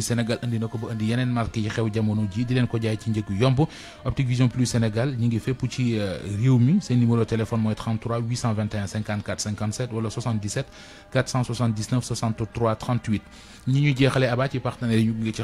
Sénégal yi xew jamono ji ko ci Optique Vision plus Sénégal ñi ngi ci euh, réew mi téléphone 33 821 54 57 wala 77 479 63 38 ñi ñu ci partenaire yu ngi ci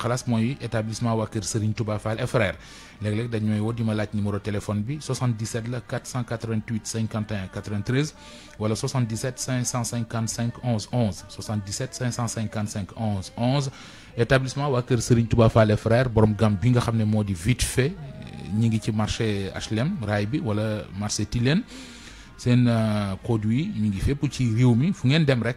établissement à Wakir Serigne Touba Fall et frère leg leg dañ téléphone 77 488 51 93 wala 77 555 11 11 77 555 11 11 établissement waa kër Serigne Touba Fallé frère borom gam bi nga xam ne moo di vite fait ñi ngi ci marché HLM raay bi wala marché Tilène seen euh, produit mi ngi fépp ci réew mi fu ngeen dem rek.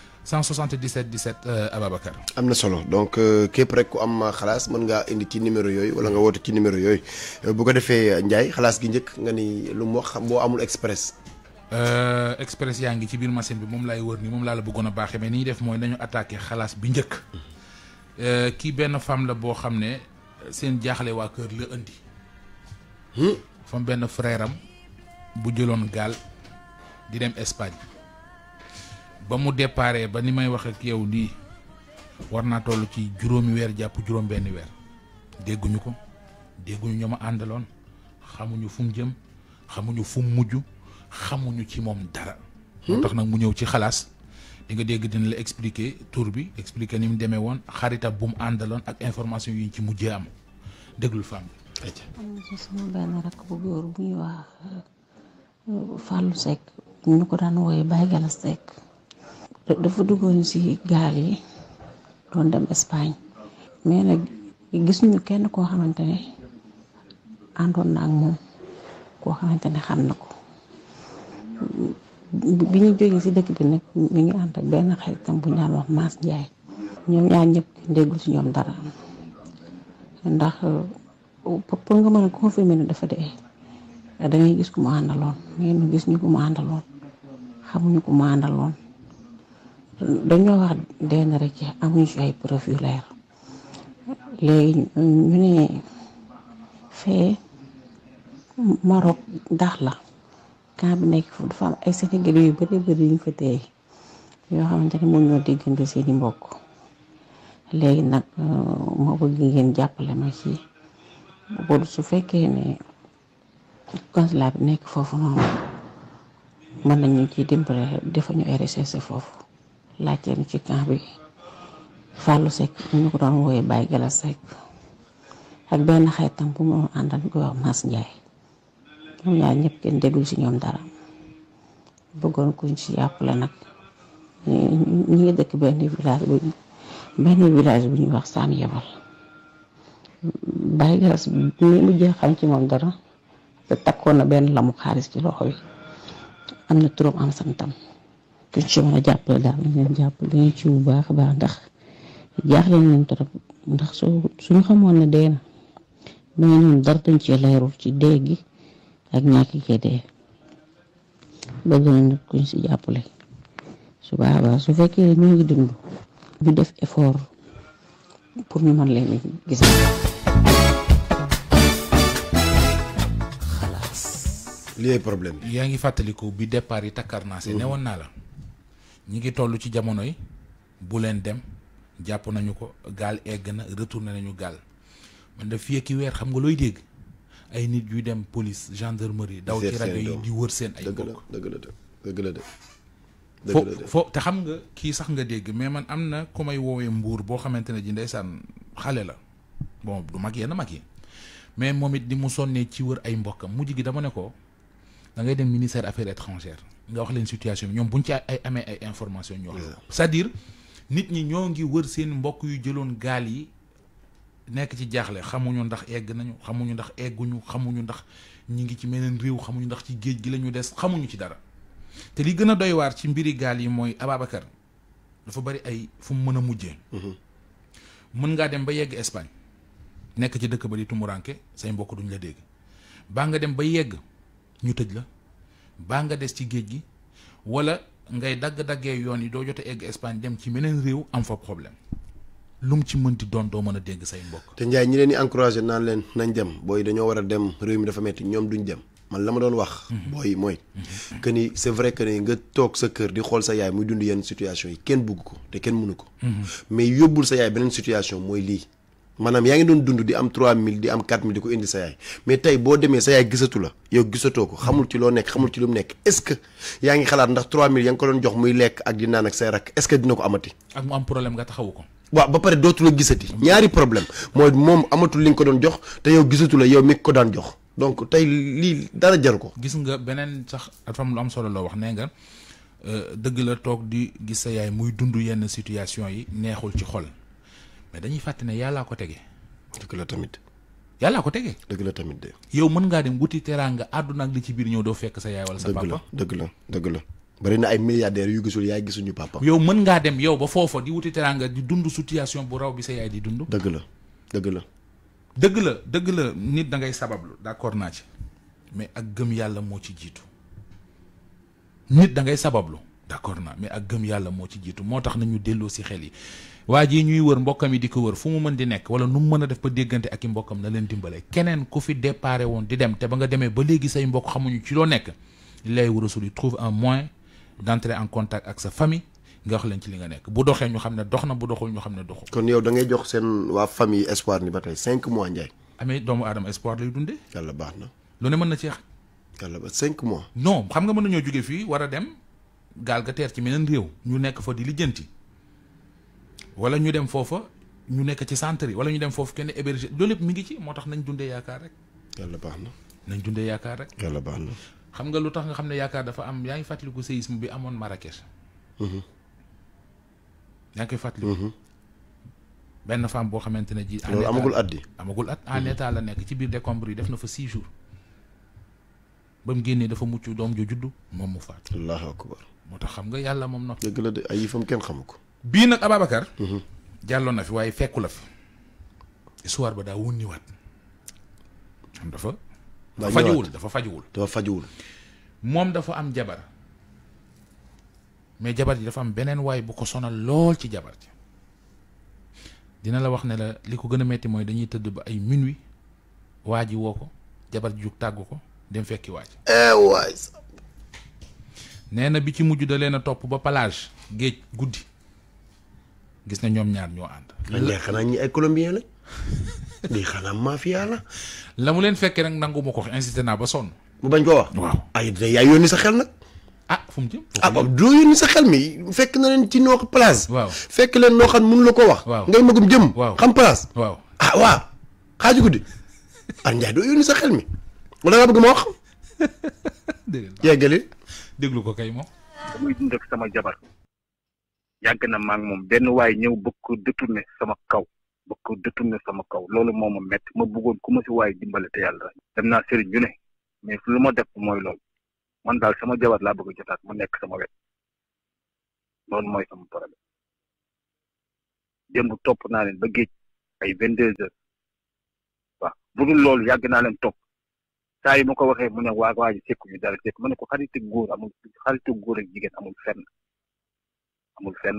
177 17 euh, Ababacar. am solo donc euh, képp rek ku am xalaas mën ngaa indi ci numéro yooyu wala nga woote ci numéro yooyu euh, bu ko defee Ndiaye xalaas gi njëkk nga ni lu mu wax boo amul express. Euh, express yaa ngi ci biir machine bi moom laay wër ni moom laa la bëggoon a mais ni def mooy dañu attaqué xalaas bi njëkk euh, kii benn femme la boo xam ne seen jaaxle waa kër la andi. Hmm? fam benn frère am bu jëloon gaal di dem Espagne. ba mu déparé ba ni may wax ak yow lii war naa toll ci juróomi weer jàpp juróom benn weer dégguñu ko dégguñu ñoo ma àndaloon xamuñu fum jëm xamuñu fu mujj xamuñu ci moom dara. moo tax nag mu ñëw ci xalaas di nga dégg dina la expliquer tour bi expliquer ni mu demee woon xaritab bu mu àndaloon ak information yi ñu ci mujjee am déglul femme bi. am na ci sama wax euh, Fallou Seck ñu ko daan wooyee Baye Galas Seck. dafa duggoon ci gaal yi doon dem Espagne mais nag gisuñu kenn koo xamante ne àndoon na ak moom koo xamante ne xam na ko bi ñu jógee ci dëkk bi nag mi ngi ànd ak benn xaritam bu ñaan wax Mass Ndiaye ñoom ñaar ñëpp déggul ci ñoom dara ndax pour nga mën a confirmer ne dafa dee da gis ku mu àndaloon mais gis ñu ku mu àndaloon xamuñu ku mu àndaloon dañoo wax deen rek ci am fi ay leer léegi ñu ne fee dax la camp bi nekk foofu dafa am ay Sénégalais yu bari bari yuñ fa téye yoo xamante ne moom ñoo diggante seeni mbokk léegi nag euh, moo bëgg ngeen jàppale ma ci boobu su fekkee ne consulat bi nekk foofu noonu mën nañu ci dimbale defa ñu RSS foofu laajte ci camp bi Fallou ñu ko doon wooyee bay Galas Seck ak benn xaritam bu mu doon àndal ko wax Mass Ndiaye ñoom ñaar ñëpp kenn déglu ci ñoom dara bëggoon kuñ ci jàppale nag ñu ngi dëkk benn village bu benn village bu ñuy wax Sane Yabal Baye Galas xam ci moom dara te takkoon na benn lamu xaalis ci loxo bi am na turam am santam kuñ ci mën a jàppale daal nañ leen jàppale leen ci bu baax baax ndax jaaxle nañ trop ndax soo suñu xamoon ne dee na mais ñun dara dañ cee leerul ci dee gi ak ñàkk gi dee bëgg nañ nag si jàppale su baax baax su fekkee ñu ngi dund ñu def effort pour ñu mën leen gis. lii ay problème yaa ngi fàttaliku bi départ yi takkaar naa si mhm. newoon naa la ñi ngi toll ci jamono yi bu leen dem jàpp nañu ko gaal egg na retourné nañu gaal man def fii ki weer xam nga looy dégg ay nit yuy dem police gendarmerie daw ci rajo yi di wër seen ay mbokk dëgg la te xam nga kii sax nga dégg mais man am na ku may woowee mbuur boo xamante ne ji ndeysaan xale la bon du mag yenn mag yi mais moom it di mu sonnee ci wër ay mbokkam mujj gi dama ne ko da ngay dem ministère affaires étrangères nga wax leen situation bi ñoom bu buñ ci ay amee ay information ñu wax c'est-à-dire nit ñi ñoo ngi wër seen mbokk yu jëloon gaal yi nekk ci jaaxle xamuñu ndax egg nañu xamuñu ndax egguñu xamuñu ndax ñi ngi ci meneen réew xamuñu ndax ci géej gi la des xamuñu ci dara te li gën a doy ci mbiri gaal yi mooy Ababacar dafa bari ay fu mu mën a mujjee mhm. mën ngaa dem ba yegg Espagne nekk ci dëkk ba di tumuranke say mbokk duñ la dégg baa nga dem ba yegg ñu tëj la baa nga des ci géej gi wala ngay dagg-daggee yoon yi doo jotee egg Espagne dem ci meneen réew am fa problème lu mu ci mënti doon doo mën a dégg say mbokk. te njaay ñi leen di encouragé naan leen nañ dem booy dañoo war dem réew mi dafa metti ñoom duñ dem man la ma doon wax. Mhm. booy mooy. Mhm. que ni c'est vrai que ni nga toog sa kër di xool sa yaay muy dund yenn situation yi kenn bugg ko te kenn mënu ko. Mhm. mais yóbbul sa yaay beneen situation mooy lii. maanaam yaa ngi doon dund di am 3000 di am 4000 di ko indi sa yaay mais tey boo demee sa yaay gisatu la yow gisatoo ko xamul ci loo nekk xamul ci lu mu nekk est-ce que yaa ngi xalaat ndax 3000 yaa ngi ko doon jox muy lekk ak di naan ak say ak mu am problème nga ko. waaw ba pare dootu gisati. ñaari problème mooy moom amatul li nga ko doon jox te yow gisatu la yow mi ko daan jox donc tey lii dara jaru ko. gis nga beneen sax dafa am solo loo wax nee nga euh, dëgg la toog di gis sa yaay muy dund yenn situation yi neexul ci xol. mais dañuy fàtte ne yàllaa ko tege. dëgg la tamit. yàllaa ko tege. dëgg la tamit de. yow mën ngaa dem wuti teraanga àdduna ak li ci biir ñëw doo fekk sa yaay wala sa papa dëgg la dëgg la. bari na ay milliardaires yu gisul yaay gisuñu papa. yow mën ngaa dem yow ba foofa di wuti teraanga di dund situation bu raw bi sa di dund. dëgg la dëgg la. dëgg la dëgg nit da ngay sabablu d'accord naa ci mais ak gëm yàlla moo ci jiitu nit da ngay sabablu d'accord naa mais ak gëm yàlla moo ci jiitu moo tax nañu delloo si xel yi. waa ñuy wër mbokkam yi di ko wër fu mu mën di nek wala nu mu mën def ba déggante ak mbokam na leen dimbale kenen ku fi déparé won di dem té ba nga démé ba légui say mbokk xamuñu ci lo nek lay warasul yi trouve un moyen d'entrer en contact ak sa famille nga wax leen ci li nga nek bu doxé ñu xamné ne bu doxul ñu xamné ne doxul. kon yow da ngay jox sen wa famille espoir ni batay 5 cinq mois Ndiaye. amé doomu Adam espoir lay dundé yalla baxna lu ne mën na xaj. yalla ba cinq mois. non xam nga mën nañoo joggé fi wara dem gaal ga ci meneen réew. ñu nek fa di lijjanti wala ñu dem foofa ñu nekk ci centre yi wala ñu dem foofu kenn hébergé loolu lépp mi ngi ci moo tax nañ dundee yaakaar rek. yàlla na. nañ dundee yaakaar baax na. xam nga lu tax nga xam ne yaakaar dafa am yaa ngi fàttaliku séisme bi amoon Marrakech. Mhm. yaa ngi koy fàttaliku. Mhm. benn femme boo xamante ne ji. loolu amagul at di amagul at en mhm. la nekk ci biir décombre yi def na fa six jours. ba mu génnee dafa mucc doom ju juddu moom mu faatu. allahu akbar moo tax xam nga yàlla moom nag. dëgg la de ay yëfam kenn xamu ko. bii nag Ababacar. Mhm. jàlloon na fi waaye fekku la fi. histoire ba daa wunniwaat. xam dafa. dafa fajuwul dafa fajuwul. dafa fajuwul. moom dafa am jabar. mais jabar ji dafa am beneen waay bu ko sonal lool ci jabar ji. dina la wax ne la li ko gën a metti mooy dañuy tëdd ba ay minuit. waa ji woo ko. jabar ji jug tàggu ko dem fekki waaj. Eh, waay. nee na bi ci mujj da leen a topp ba plage géej guddi. gis na ñoom ñaar ñoo ànd. léegi xanaa ñi ay colombien lañ lii xanaa mafia la. la mu leen fekkee nag nangu ma ko insisté naa ba sonn. mu bañ koo wax waaw. ay yaay ni sa xel nag. ah fu mu jëm. ah waaw doo yónni sa xel mi fekk na leen ci noo ko place. waaw fekk leen noo xam mënu la koo wax. waaw ngay magum jëm. waaw xam place. waaw ah waaw xaaju guddi. ah Ndiaye doo yónni sa xel mi wala nga bëgg ma wax. dégg yeggali. déglu ko kay moom. muy dund ak sama jabar. yàgg na maa moom benn waaye ñëw bëgg ko détourné sama kaw bëgg ko détourné sama kaw loolu moo ma mett ma bëggoon ku ma si waaye dimbale te yàlla dem naa sëriñ ñu ne mais lu ma def mooy loolu man daal sama jabar laa bëgg a jotaat mu nekk sama wet loolu mooy sama problème démb topp naa leen ba géej ay vingt deux heures waaw loolu yàgg naa leen topp saa yi ma ko waxee mu ne waa waa ji sekku ñu dara sekku ma ne ko xaritu góor amul xaritu góor ak jigéen amul fenn amul fenn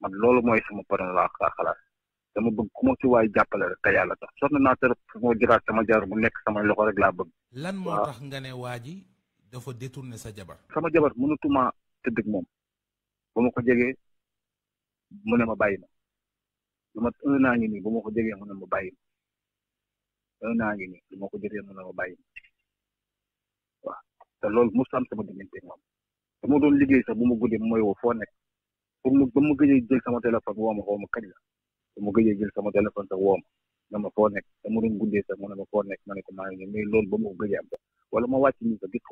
man loolu mooy sama borom laa xalaat dama bëgg ku ma ci waay jàppale rek te yàlla tax sonn naa tërëp fu moo jëraat sama jaar bu nekk sama loxo rek laa bëgg lan moo tax nga ne waa ji dafa détourné sa jabar sama jabar mënatuma tëdd ak moom ba ma ko jegee mu ne ma bàyyi ma lu ma un an nii ba ma ko jegee mu ne ma bàyyi ma un an nii lu ma ko jegee mu ne ma bàyyi ma waaw te loolu musul am sama diggante moom dama doon liggéey sax bu ma guddee mooy woo foo nekk pour mu ba ma gëjee jël sama ma xaw ma kañ la ba sama téléphone woo ma na ma nekk dama doon guddee sax mu ne ma nekk ma ne ko maa ngi mais loolu ba ma ko gëjee am sax wala ma wàcc nii sax gis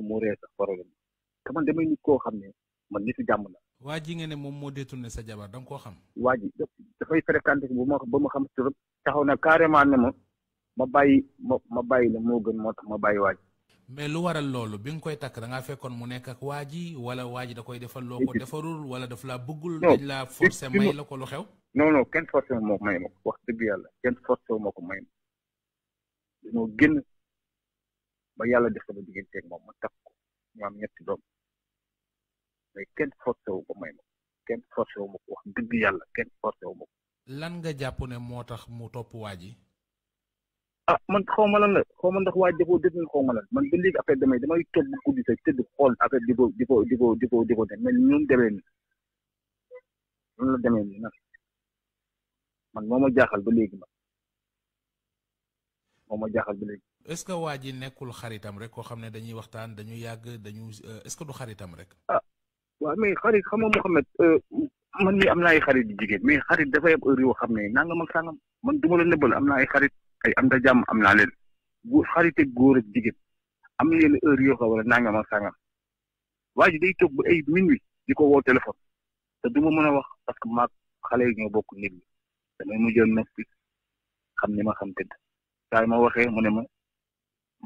man damay nit koo xam ne man nitu jàmm la waa ji nga ne moom moo deetul détourné sa jabar da koo xam waaj ji dafay fréquenté bu ma ba ma xam trop taxaw na carrément ne ma ma bàyyi ma ma bàyyi la moo gën moo tax ma bàyyi waa mais lu waral loolu bi nga koy takk da fekkoon mu nekk ak waa ji wala waa ji da koy defal loo ko defarul wala daf laa bëggul. dañ laa forcé may la ko lu xew. non non kenn forcé ko may ma ko wax dëgg yàlla kenn forcé wu ma ko may ma ba yàlla def sama digganteeg moom ma takk ko ñu am ñetti doom kenn forcé wu ko may ma forcé wu ma ko wax dëgg yàlla kenn forcé wu ko. lan nga jàpp ne moo tax mu topp waa ji. ah man xaw ma lan la xaw ma ndax waa Jokalante dégg nga xaw ma lan man ba léegi affaire damay damay toog xool affaire di ko di ko di ko di ko di ko dem mais ñun demee nii noonu la demee nii man moo ma jaaxal ba léegi man moo ma jaaxal ba léegi. est-ce que waa ji nekkul xaritam rek koo xam ne dañuy waxtaan dañu yàgg dañu euh, est du xaritam rek. ah waaw mais xarit xam nga Mouhamed euh, man mii am na ay xarit yu jigéen mais xarit dafay am heure xam ne nangam ma sangam man du ma la nëbbal am na ay xarit. ay am da jàmm am na leen bu xarite góor ak jigéen am yenn heure yoo xam wala nangam ak sangam waa ji day toog ba ay minuit di ko woo téléphone te du ma mën a wax parce que maag xale yi ñoo bokk nit ñi damay mujjoon nag bi xam ni ma xam tëdd saa ma waxee mu ne ma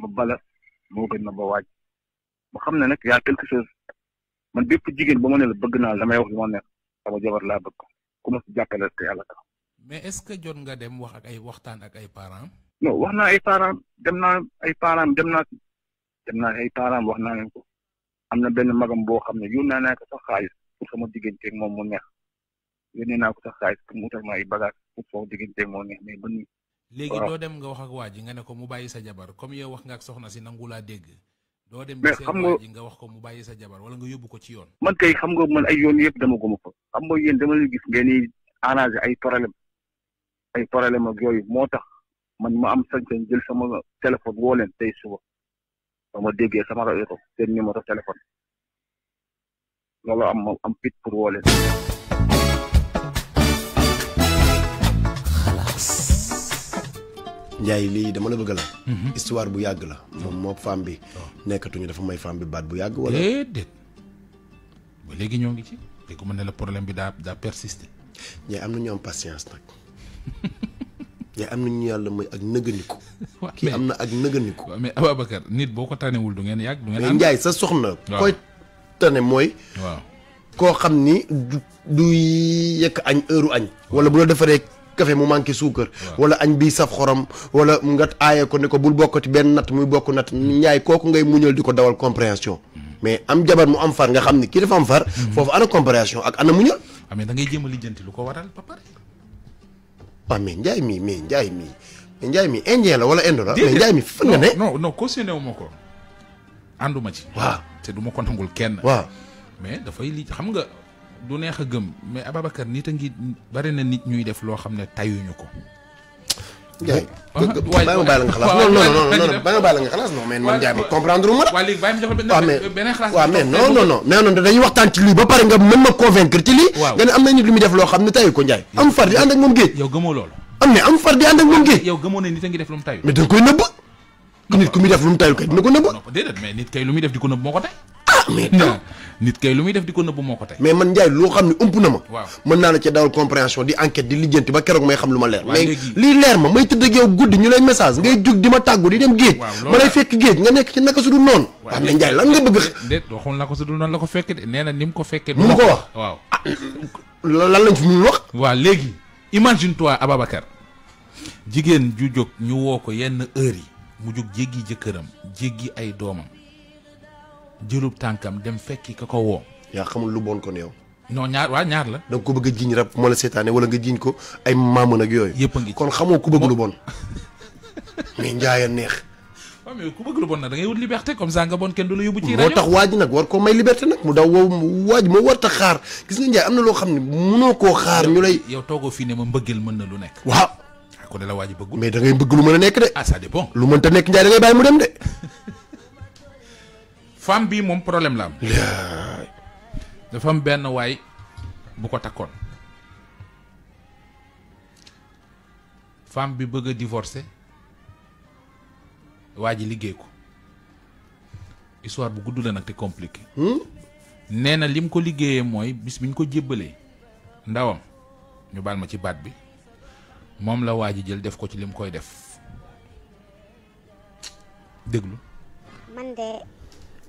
ma bala moo gën ma ba waaj ma xam ne nag yaa quelque chose man bépp jigéen ba ma ne la bëgg naa la damay wax li ma neex jabar laa bëgg ku si jàppale te yàlla mais est-ce que jot nga dem wax ak ay waxtaan ak ay parents. wax naa ay parents dem naa ay parents dem naa dem naa ay parents wax naa leen ko am na benn magam boo xam ne yónnee naa ko sax xaalis pour sama digganteeg moom mu neex yónnee naa ko sax xaalis pour mu utal ma ay bagages pour sama moo neex mais ba nii. léegi doo dem nga wax ak ji nga ne ko mu bàyyi sa jabar comme yow wax nga soxna si nangu laa dégg. doo dem mais xam nga nga wax ko mu bàyyi sa jabar wala nga yóbbu ko ci yoon. man kay xam nga man ay yoon yëpp dama guma ko xam nga yéen gis ngeen di ay problème ay problème ak yooyu moo tax man ma am sañ-sañ jël sama téléphone woo leen tey suba ba ma déggee sama rajo seen numéro téléphone loolu am ma am pit pour woo leen. Njaay lii dama la bëgg la. Mhm. histoire bu yàgg la. Mhm. moom moo femme bi. Oh. nekkatuñu dafa may femme bi baat bu yàgg wala. déedéet ba léegi ñoo ngi ci. dégg ma ne la problème bi daa daa persister. ñee am na ñu am patience nag. ya amna ñu yalla moy ak nëgandiku ki amna ak nëgandiku mais ababakar nit boko tané wul du ngén yàgg du ngén ndjay sa soxna koy tané moy ko xamni du yek añ heure añ wala bu lo defaree café mu manqué suukar wala añ bi saf xorom wala ngat ayé ko ne ko bul bokkati ben nat muy bokku nat njaay koku ngay muñal diko dawal compréhension mm-hmm. mais am jabar mu am far nga xamni ki dafa am far mm-hmm. fofu ana compréhension ak ana muñal amé ah, da ngay jéem lijeenti lu ko waral ba paré waaw mais Ndiaye mii mais Ndiaye mii mais Ndiaye mii indien la wala indo la. mais Ndiaye mii fan nga ne. non non cautionné wu ko ànduma ci. waaw te du ma ko nangul kenn. waaw mais dafay li xam nga du neex a gëm mais Ababacar nit a ngi bari na nit ñuy def loo xam ne tayuñu ko. Ndiaye. Eh, waay waay bàyyi nga xalaas non non non non bàyyi nga xalaas non mais man Ndiaye ma comprendre lu la. waaw léegi bàyyi ma beneen xalaas. waaw mais non non non mais non dañuy waxtaan lii ba pare nga mën ma convaincre ci lii. waaw nga ne nit lu loo xam ne tayu ko Ndiaye. am far di ànd moom géej. yow gëmoo loolu. na am far di ànd ak moom kay dina ko nëbb. déedéet mais non ah. nit kay lu muy def di ko nëbbu moo ko tey mais man Ndiaye loo xam ne ëmp na ma waaw mën naa la ca dawal compréhension di enquête di lijjanti ba keroog may xam lu ma leer mais lii leer ma may tëdd ak yow guddi ñu lay message ngay jug di ma tàggu di dem géej ma lay fekk géej nga nekk ci naka su dul noonu waaw mais Ndiaye lan nga bëgg déet waxul naka su dul noonu la ko fekk de nee ni mu ko fekkee mu ko wax waaw ah, lan lañ fi mun wax waaw léegi imagine toi Ababacar jigéen ju jóg ñu woo ko yenn heure yi mu jóg jéggi jëkkëram jéggi ay doomam jëlub tànkam dem fekki ka ko woo. yaa xamul lu bon kon yow. noo ñaar waa ñaar la. da ko bëgg a jiiñ rab moo la seetaane wala nga jiiñ ko ay maamu nag yooyu. yëpp a ngi kon xamoo ku bëgg lu bon. mais njaaya neex. waaw mais ku bëgg lu bon nag da ngay wut liberté comme ça nga kenn du la tax waaj nag war koo may liberté nag mu daw wow waaj moo war tax xaar gis nga njaay am na loo xam ne mënoo koo xaar ñu lay. yow toogoo fii ne ma mën na lu nekk. waaw. Ah, kon la waaj bëggul. mais da ngay bëgg lu mën a nekk de. ah ça dépend lu mënta nekk njaay da ngay bàyyi mu dem de femme bii moom problème la am. dafa am benn waay bu ko takkoon. femme bi bëgg a divorcer waa ji liggéey ko histoire bu gudd la nag te compliqué. Hmm? nee na lim ko liggéeyee mooy bis bi ñu ko jébbalee ndawam ñu baal ma ci baat bi moom la waa ji jël def ko ci lim koy def déglu.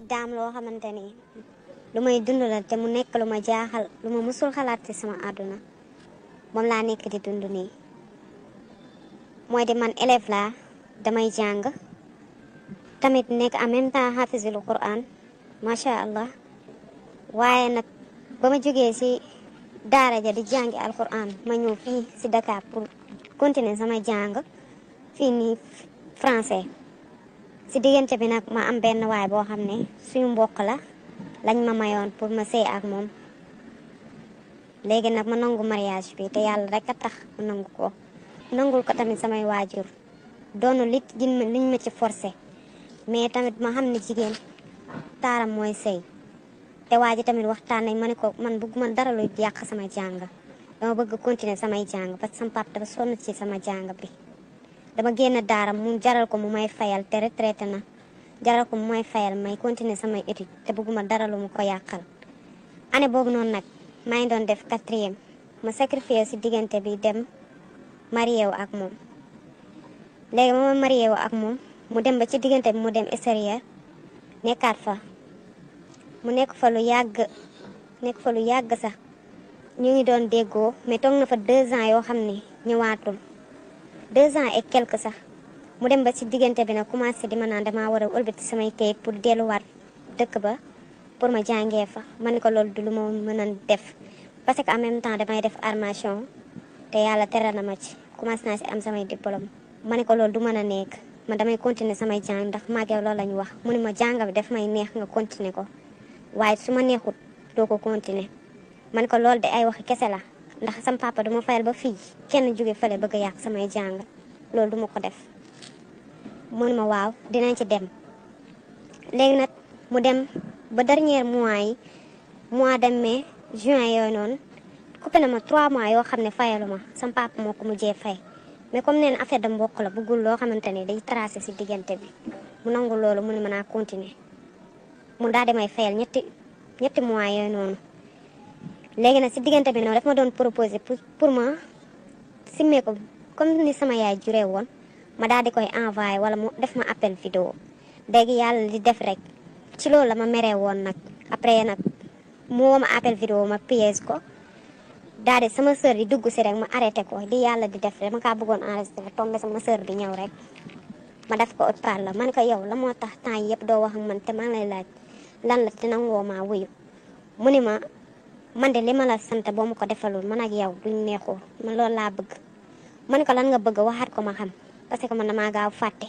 dam loo xamanteni lumay lu dund la te mu nek luma jaaxal luma musul xalat sama aduna mom la nek di dund nii mooy di man élève la damay jang tamit nek en même temps xaafisul Quran sha allah waye nak bama joge ci si ja di jàngi alquran ma ñu fi ci Dakar pour continuer sama jangg. Fini. français ci digënté bi nak ma am benn way bo xamné suñu mbokk la lañ ma mayoon pour ma sé ak mom légui nak ma nangu mariage bi té yalla rek ka tax nangu ko nangul ko tamit samay wajur doono lit liñ ma ci forcé mais tamit ma xamné jigen taram moy sey té waji tamit waxtaan nañ mané ko man man dara luy yak sama jàng dama bëgg continuer samay jàng parce que sama papa dafa sonn ci sama jàng bi dama génn daaram mu jaral ko mu may fayal te retraité na jaral ko mu may fayal may continuer samay étude te bëgguma dara lu mu ko yàqal année boobu noonu nag maa ngi doon def quatrième ma sacrifié si diggante bi dem marie wu ak moom léegi ma marie wu ak moom mu dem ba ci diggante bi mu dem extérieur nekkaat fa mu nekk fa lu yàgg nekk fa lu yàgg sax ñu ngi doon déggoo mais toog na fa deux ans yoo xam ne ñëwaatul deux ans et quelque sax mu dem ba si diggante bi nag commencé di ma naan damaa war a ëlbati samay kayit pour delluwaat dëkk ba pour ma jàngee fa ma ni ko loolu du lu ma mën a def parce que en même damay def armation te yàlla tere na ma ci commencé naa si am samay diplôme ma ne ko loolu du mën a nekk man damay continuer samay jàng ndax màggee loolu la ñu wax mu ne ma jànga bi def may neex nga continuer ko waaye su ma neexut doo ko continuer man ko loolu de ay wax kese la ndax sam papa duma fayal ba fi kenn jóge fele bëgg yàq sama jang loolu duma ko def mo ni ma waw dinañ ci dem légui nak mu dem ba dernier mois yi mois de mai juin yo non coupé pena ma 3 mois yo xam fayaluma fayalu sam papa moko mu jé fay mais comme neen affaire da mbokk la bëggul lo xamante day tracé ci digënté bi mu nangul loolu mu ni mën naa continuer mu da di fayal ñetti ñetti mois yo non léegi nag si diggante bi noonu daf ma doon proposé pour ma si simmee ko comme ni sama yaay juree woon ma daal di koy envoyé wala mu def ma appel vidéo léegi yàlla di def rek ci loolu la ma meree woon nag après nag mu woo ma appel ma piège ko daal di sama sœur di dugg si rek ma arrêté ko di yàlla di def rek ma kaa bëggoon enregistré tombé sama sœur bi ñëw rek ma def ko haut-parleur la man ko yow la moo tax temps yëpp doo wax ak man te maa ngi lay laaj lan la te nangoo maa wuyu mu ni ma man de li ma la sant boo ma ko defalul man ak yow duñ neexoo man loolu laa bëgg ma ne ko lan nga bëgg waxaat ko ma xam parce ma man damaa gaaw fàtte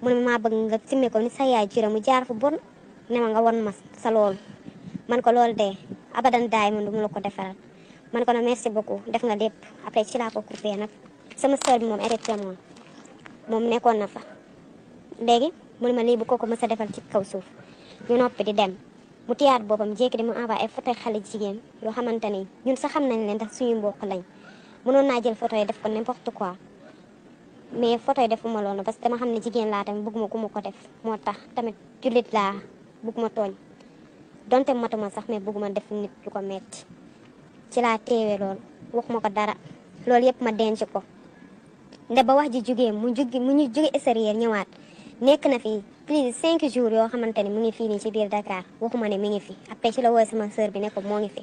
mu ne maa bëgg nga simme ko ni sa yaay jira mu jaar fu bon ne ma nga won ma sa loolu man ko loolu de abadan daay man du ma la ko defaral man ko na merci beaucoup def nga lépp après ci laa ko coupé nag sama sœur bi moom arrêté moom moom nekkoon na fa léegi mu ne ma lii bu ko ko mës sa defal ci kaw suuf ñu noppi di dem mu téyaat boppam jékki di mu envoyé ay photo xale jigéen yoo xamante ni ñun sax xam nañ leen ndax suñu mbokk lañ mënoon naa jël photo yi def ko n'importe quoi mais photo yi defuma loolu parce que ma xam ne jigéen laa tamit bëgguma ku ma ko def moo tax tamit jullit laa bëgguma tooñ donte matuma sax mais bëgguma def nit yu ko metti ci laa teewee loolu waxuma ko dara loolu yëpp ma denc ko nde ba wax ji jógee mu jóge mu ñu jóge extérieur ñëwaat nekk na fi plus de cinq jours yoo xamante ne mu ngi fii si ci biir Dakar waxuma ne mu ngi fii après ci la woo sama sœur bi ne ko moo ngi fi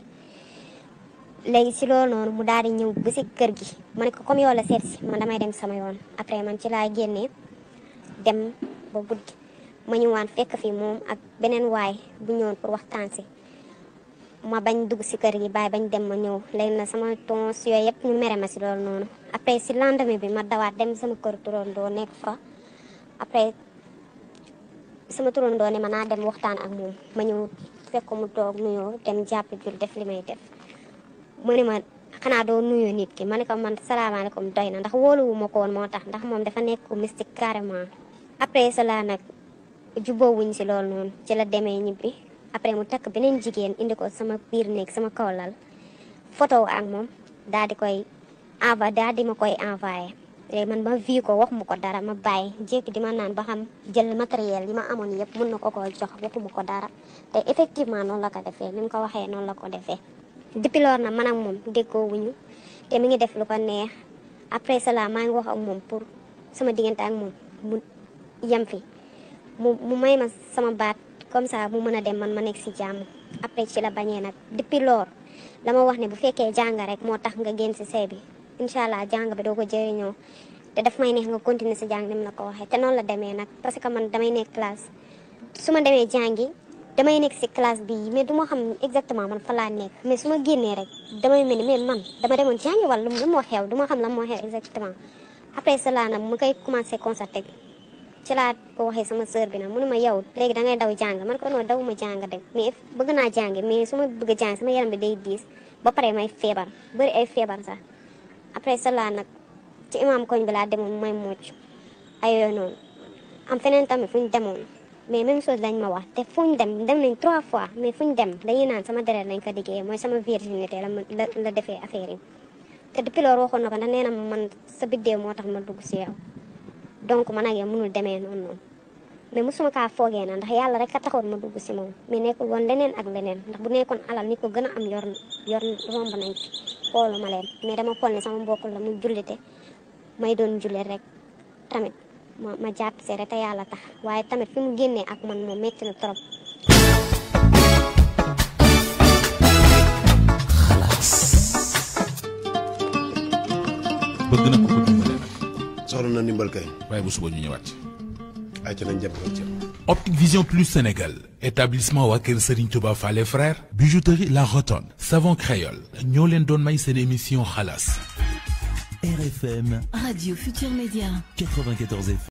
léegi si loolu noonu mu daal di ñëw ba si kër gi ma ne ko comme si man damay sama yoon après man ci laa génnee dem ba ma ñëwaan fekk fi moom ak beneen waay bu ñëwoon pour waxtaan si ma bañ dugg si kër gi bàyyi bañ dem ma ñëw léegi na sama tons yooyu yëpp ñu mere ma si loolu noonu après si lendemain bi ma dawaat dem sama kër doo nekk fa après sama turandoo ne ma naa dem waxtaan ak moom ma ñëw fekk mu toog nuyoo dem jàpp jul def li may def mu ne ma xanaa doo nuyoo nit ki ma ne man salaamaaleykum doy na ndax wóoluwu ma koon moo tax ndax moom dafa nekk mystique carrément. après cela nag wuñ si loolu noonu ci la demee ñibbi après mu takk beneen jigéen indi ko sama biir néeg sama kaw lal photo ak moom daal di koy envoyé daal di ma koy envoyé. léegi man ba vie ko waxuma ko dara ma bàyyi jek di ma naan ba xam jël matériel yi ma amoon yëpp mun na ko koo jox waxuma ko dara te effectivement noonu la ko defee ni mu ko waxee noonu la ko defee depuis loolu na man ak moom déggoo wuñu te mi ngi def lu ko neex après cela maa ngi wax ak moom pour sama diggante ak moom mu yem fi mu may ma sama baat comme ça mu mën a dem man ma nekk si jàmm après ci la bañee nag depuis la wax ne bu fekkee jàng rek moo tax nga génn si incha allah jàng bi doo ko jëriñoo te daf may neex nga continuer si jàng ni la ko waxee te noonu la demee nag parce que man damay nekk classe su ma demee jàngi damay nekk si classe bi mais du ma xam exactement man fa laa nekk mais ma génnee rek damay ni mais man dama demoon jàngi wala lu moo xew du ma xam la moo xew exactement après cela nag mu koy commencé constaté ci laa ko waxee sama sœur bi nag mu ne ma yow léegi da ngay daw jàng man ko non daw ma jàng de mais bëgg naa jàng mais su ma bëgg a jàng sama yaram bi day diis ba pare may feebar bëri ay feebar sax après cela nag ci imaam koñ bi laa demoon may mucc ay yooyu noonu am feneen tamit fu ñu demoon mais même chose lañ ma wax te fu ñu dem dem nañ trois fois mais fu ñu dem dañuy naan sama deret lañ ko diggee mooy sama virginité la la la defee affaire yi te depuis loolu waxoon na ko ndax nee na man sa biddéew moo tax ma dugg si yow donc ma ak yow mënul demee noonu noonu mais mosuma kaa foogee na ndax yàlla rek a taxoon ma dugg si moom mais nekkul woon leneen ak leneen ndax bu nekkoon alal ni ko gën a am yor yor romb nañ xooluma leen mais dama xool ne sama mbokk la mu jullite may doon jullit rek tamit ma ma jàpp see rek te yàlla tax waaye tamit fi mu génnee ak man moom métti na trop. xalaas. bëgg na ko ko dimbale soxla na ndimbal kay. waaye bu suba ñu ñëwaat. ay ca nañ jàpp ci Optique Vision Plus Sénégal établissement waa Serigne Touba Fallé frère bijouterie La Rotonde savon créole ñoo leen doon may émission RFM Radio Futur Média 94 FM